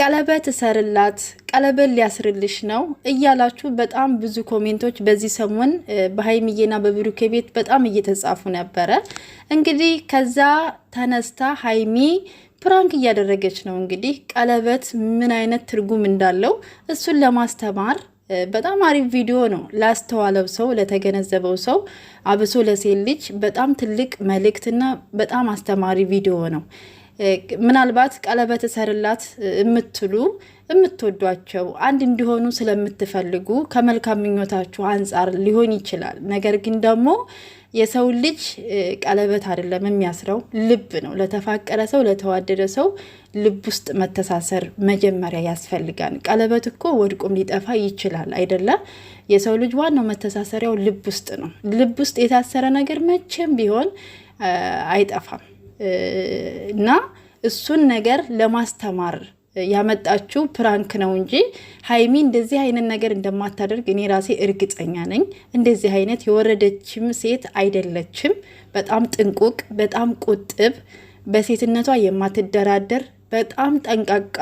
ቀለበት እሰርላት ቀለበት ሊያስርልሽ ነው እያላችሁ በጣም ብዙ ኮሜንቶች በዚህ ሰሞን በሀይሚዬና በብሩኬ ቤት በጣም እየተጻፉ ነበረ። እንግዲህ ከዛ ተነስታ ሀይሚ ፕራንክ እያደረገች ነው። እንግዲህ ቀለበት ምን አይነት ትርጉም እንዳለው እሱን ለማስተማር በጣም አሪፍ ቪዲዮ ነው። ላስተዋለው ሰው፣ ለተገነዘበው ሰው አብሶ ለሴት ልጅ በጣም ትልቅ መልእክትና በጣም አስተማሪ ቪዲዮ ነው። ምናልባት ቀለበት እሰርላት የምትሉ የምትወዷቸው አንድ እንዲሆኑ ስለምትፈልጉ ከመልካም ምኞታችሁ አንጻር ሊሆን ይችላል። ነገር ግን ደግሞ የሰው ልጅ ቀለበት አይደለም የሚያስረው ልብ ነው። ለተፋቀረ ሰው ለተዋደደ ሰው ልብ ውስጥ መተሳሰር መጀመሪያ ያስፈልጋል። ቀለበት እኮ ወድቆም ሊጠፋ ይችላል አይደለ? የሰው ልጅ ዋናው መተሳሰሪያው ልብ ውስጥ ነው። ልብ ውስጥ የታሰረ ነገር መቼም ቢሆን አይጠፋም። እና እሱን ነገር ለማስተማር ያመጣችው ፕራንክ ነው እንጂ ሀይሚ እንደዚህ አይነት ነገር እንደማታደርግ እኔ ራሴ እርግጠኛ ነኝ። እንደዚህ አይነት የወረደችም ሴት አይደለችም። በጣም ጥንቁቅ፣ በጣም ቁጥብ፣ በሴትነቷ የማትደራደር በጣም ጠንቃቃ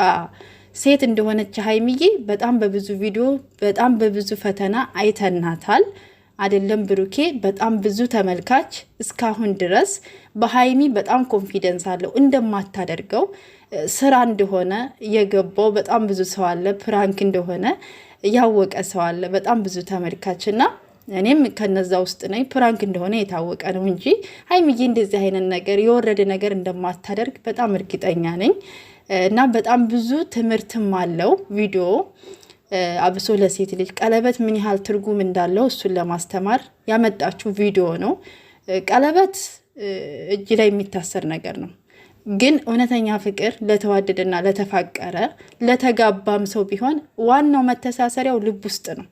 ሴት እንደሆነች ሀይሚዬ በጣም በብዙ ቪዲዮ በጣም በብዙ ፈተና አይተናታል። አይደለም ብሩኬ በጣም ብዙ ተመልካች እስካሁን ድረስ በሀይሚ በጣም ኮንፊደንስ አለው እንደማታደርገው ስራ እንደሆነ የገባው በጣም ብዙ ሰው አለ። ፕራንክ እንደሆነ ያወቀ ሰው አለ። በጣም ብዙ ተመልካች እና እኔም ከነዛ ውስጥ ነኝ። ፕራንክ እንደሆነ የታወቀ ነው እንጂ ሀይሚዬ እንደዚህ አይነት ነገር የወረደ ነገር እንደማታደርግ በጣም እርግጠኛ ነኝ እና በጣም ብዙ ትምህርትም አለው ቪዲዮ አብሶ ለሴት ልጅ ቀለበት ምን ያህል ትርጉም እንዳለው እሱን ለማስተማር ያመጣችው ቪዲዮ ነው። ቀለበት እጅ ላይ የሚታሰር ነገር ነው። ግን እውነተኛ ፍቅር ለተዋደደና ለተፋቀረ ለተጋባም ሰው ቢሆን ዋናው መተሳሰሪያው ልብ ውስጥ ነው።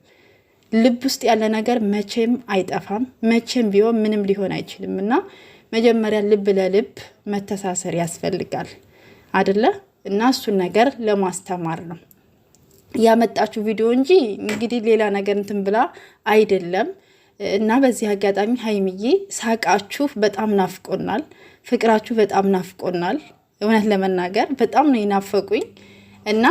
ልብ ውስጥ ያለ ነገር መቼም አይጠፋም። መቼም ቢሆን ምንም ሊሆን አይችልም እና መጀመሪያ ልብ ለልብ መተሳሰር ያስፈልጋል አደለ? እና እሱን ነገር ለማስተማር ነው። ያመጣችሁ ቪዲዮ እንጂ እንግዲህ ሌላ ነገር እንትን ብላ አይደለም። እና በዚህ አጋጣሚ ሀይምዬ ሳቃችሁ በጣም ናፍቆናል፣ ፍቅራችሁ በጣም ናፍቆናል። እውነት ለመናገር በጣም ነው የናፈቁኝ እና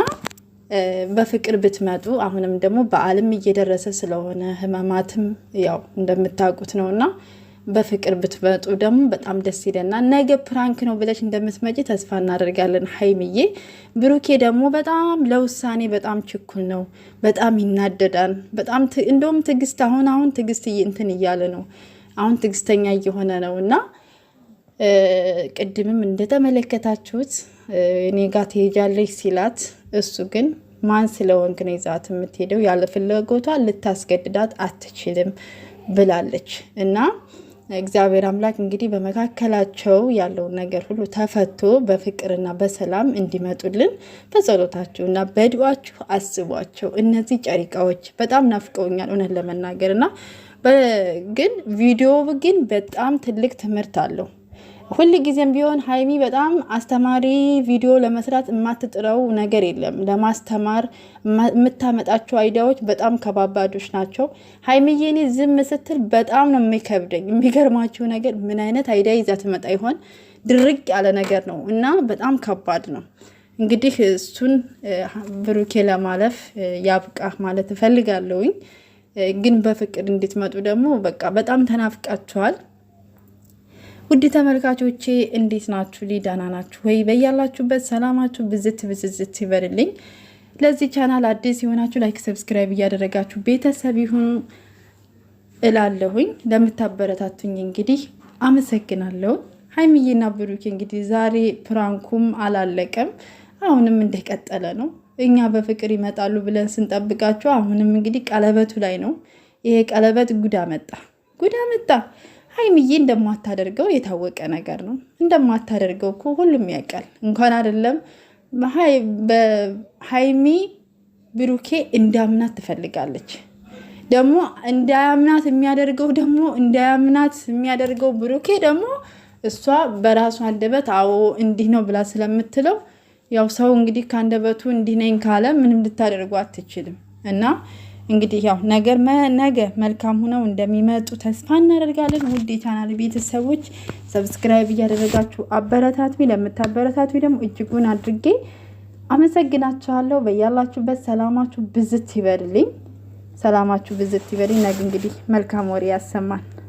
በፍቅር ብትመጡ አሁንም ደግሞ በዓልም እየደረሰ ስለሆነ ህመማትም ያው እንደምታውቁት ነው እና በፍቅር ብትመጡ ደግሞ በጣም ደስ ይለና ነገ ፕራንክ ነው ብለሽ እንደምትመጪ ተስፋ እናደርጋለን ሀይምዬ። ብሩኬ ደግሞ በጣም ለውሳኔ በጣም ችኩል ነው፣ በጣም ይናደዳል። በጣም እንደውም ትዕግስት አሁን አሁን ትዕግስት እንትን እያለ ነው፣ አሁን ትዕግስተኛ እየሆነ ነው እና ቅድምም እንደተመለከታችሁት እኔ ጋር ትሄጃለች ሲላት እሱ ግን ማን ስለወንክ ነው ይዛት የምትሄደው? ያለ ፍላጎቷ ልታስገድዳት አትችልም ብላለች እና እግዚአብሔር አምላክ እንግዲህ በመካከላቸው ያለውን ነገር ሁሉ ተፈቶ በፍቅርና በሰላም እንዲመጡልን በጸሎታችሁ እና በድዋችሁ አስቧቸው። እነዚህ ጨሪቃዎች በጣም ናፍቀውኛል እውነት ለመናገር እና ግን ቪዲዮ ግን በጣም ትልቅ ትምህርት አለው። ሁል ጊዜም ቢሆን ሀይሚ በጣም አስተማሪ ቪዲዮ ለመስራት የማትጥረው ነገር የለም። ለማስተማር የምታመጣቸው አይዲያዎች በጣም ከባባዶች ናቸው። ሀይሚዬ እኔ ዝም ስትል በጣም ነው የሚከብደኝ። የሚገርማችሁ ነገር ምን አይነት አይዲያ ይዛ ትመጣ ይሆን? ድርቅ ያለ ነገር ነው እና በጣም ከባድ ነው። እንግዲህ እሱን ብሩኬ ለማለፍ ያብቃ ማለት እፈልጋለሁኝ። ግን በፍቅር እንድትመጡ ደግሞ በቃ በጣም ተናፍቃችኋል። ውድ ተመልካቾቼ እንዴት ናችሁ? ሊዳና ናችሁ ወይ? በያላችሁበት ሰላማችሁ ብዝት ብዝዝት ይበርልኝ። ለዚህ ቻናል አዲስ የሆናችሁ ላይክ፣ ሰብስክራይብ እያደረጋችሁ ቤተሰብ ይሁኑ እላለሁኝ። ለምታበረታቱኝ እንግዲህ አመሰግናለሁ። ሀይሚዬና ብሩኬ እንግዲህ ዛሬ ፕራንኩም አላለቀም፣ አሁንም እንደቀጠለ ነው። እኛ በፍቅር ይመጣሉ ብለን ስንጠብቃቸው አሁንም እንግዲህ ቀለበቱ ላይ ነው። ይሄ ቀለበት ጉዳ መጣ፣ ጉዳ መጣ። ሀይሚዬ እንደማታደርገው የታወቀ ነገር ነው። እንደማታደርገው እኮ ሁሉም ያውቃል። እንኳን አይደለም ሀይሚ ብሩኬ እንዳምናት ትፈልጋለች። ደግሞ እንዳያምናት የሚያደርገው ደግሞ እንዳያምናት የሚያደርገው ብሩኬ ደግሞ እሷ በራሱ አንደበት አዎ እንዲህ ነው ብላ ስለምትለው ያው ሰው እንግዲህ ከአንደበቱ እንዲህ ነኝ ካለ ምንም ልታደርጉ አትችልም እና እንግዲህ ያው ነገር ነገ መልካም ሆነው እንደሚመጡ ተስፋ እናደርጋለን። ውድ የቻናል ቤተሰቦች ሰብስክራይብ እያደረጋችሁ አበረታቱ። ለምታበረታቱ ደግሞ እጅጉን አድርጌ አመሰግናችኋለሁ። በያላችሁበት ሰላማችሁ ብዝት ይበልልኝ። ሰላማችሁ ብዝት ይበልኝ። ነገ እንግዲህ መልካም ወሬ ያሰማል።